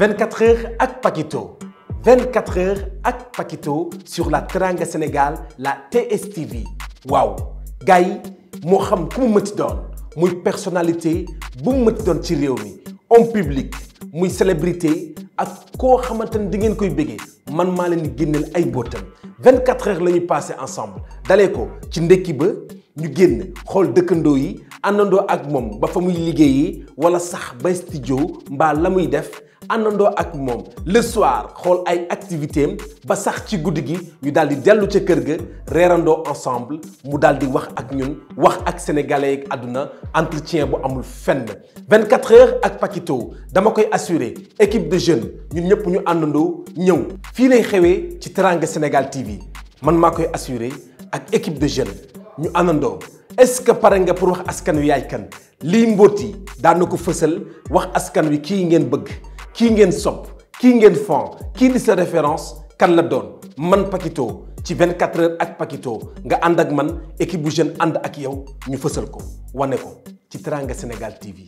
24 heures ak Paquito 24 heures ak Paquito sur la Teranga Sénégal la TSTV waaw gaï, yi moo xam ku mu mënti doon personnalité bu mu mënti doon ci public muy célébrité ak koo xamante ni di ngeen koy man maa leen di ay 24 heures la ñuy passé ensemble dalee ko ci ndekki ba ñu génn xool dëkkandoo yi ak mom ba fa muy wala sax ba studio mba la def. Anando ak mom le soir khol ay activité ba sax ci guddi gi ñu daldi delu ci kër ga rérando ensemble mu daldi di wax ak ñun wax ak sénégalais ak aduna entretien bu amul fenn 24 heures ak Pakito dama koy assurer équipe de jeunes ñun ñëpp ñu àndandoo ñew fi lay xewé ci Teranga Sénégal TV man maa koy assurer ak équipe de jeunes ñu Anando. est-ce que nga pour wax askan wi yaay kan li da wax askan wi ki ngeen bëgg qui ngène sop qui ngène fond Qui di sa référence kan la donne man Pakito ci 24 heures ak Pakito nga ànd ak man équipe bu jeune and ak yow ñu ko ko ci Sénégal TV.